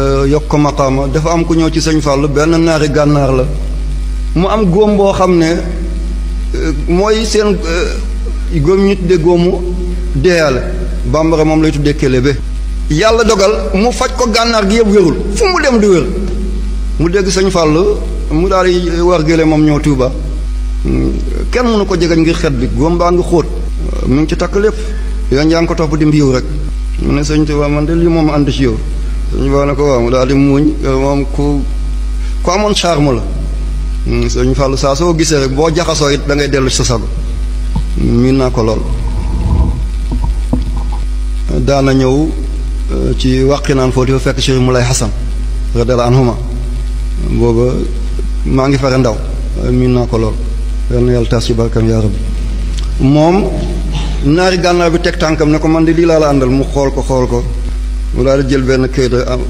Euh, yok ko maqama dafa am ku ñëw ci sëñ fallu ben naari gannar la mu am gom hamne. xamne euh, moy seen euh, gom ñut de gomu deeyaale bambara mom lay tuddee kelebe yalla dogal mu fajj ko gannar gi yeb wérul fu mu dem du wér mu deg sëñ fallu mu dal di war gele mom ñëw tuba ken mu ko jegañ ngir xet bi gom ba nga xoot mu ngi ci takk lepp yoon ko top di mbiw rek mu ne tuba man de li mom and ci yow sëñ boo ne ko waaw mu daal di muuñ euh, moom ku ku amoon charme la mm, sëñ Fallou saa soo gisee rek boo jaxasoo it da dellu ci sa sago mm, miin naa ko lool daana ñëw euh, ci wàqi naan foofu fa fekk Cheikh Moulay Hassan radiyallahu anhuma booba maa ngi fare ndaw miin naa ko lool yal na yàlla taas ci barkam yaa rabbi moom naari gànnaar bi teg tànkam ne ko man di lii laa la àndal mu xool ko xool ko mu di jël benn këyit am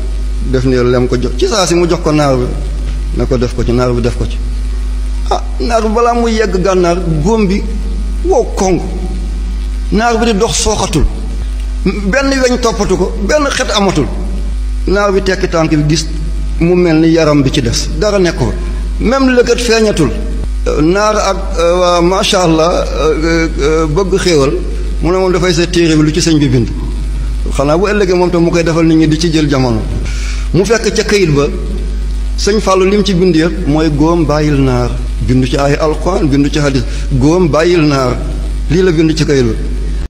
def ni lem ko jox ci saa si mu jox ko naar bi ne ko def ko ci naar bi def ko ci ah naar bi balaa mu yegg gànnaar góom bi wow kong naar bi di dox sooxatul benn weñ toppatu ko benn xet amatul naar bi tekki tànk bi gis mu mel ni yaram bi ci des dara nekkoon fa même lëgët feeñatul naar ak euh, waa macha allah euh, euh, bëgg xéewal mu ne moom dafay sa téere bi lu ci sëñ bi bind xanaa bu ëllëgee moom te mu koy defal nit ñi di ci jël jamono mu fekk ca kayit ba sëñ Fallou lim ci bind mooy góom bàyyil naar bindu ci ay alquran bindu ci hadis góom bàyyil naar lii la bind ci kayit ba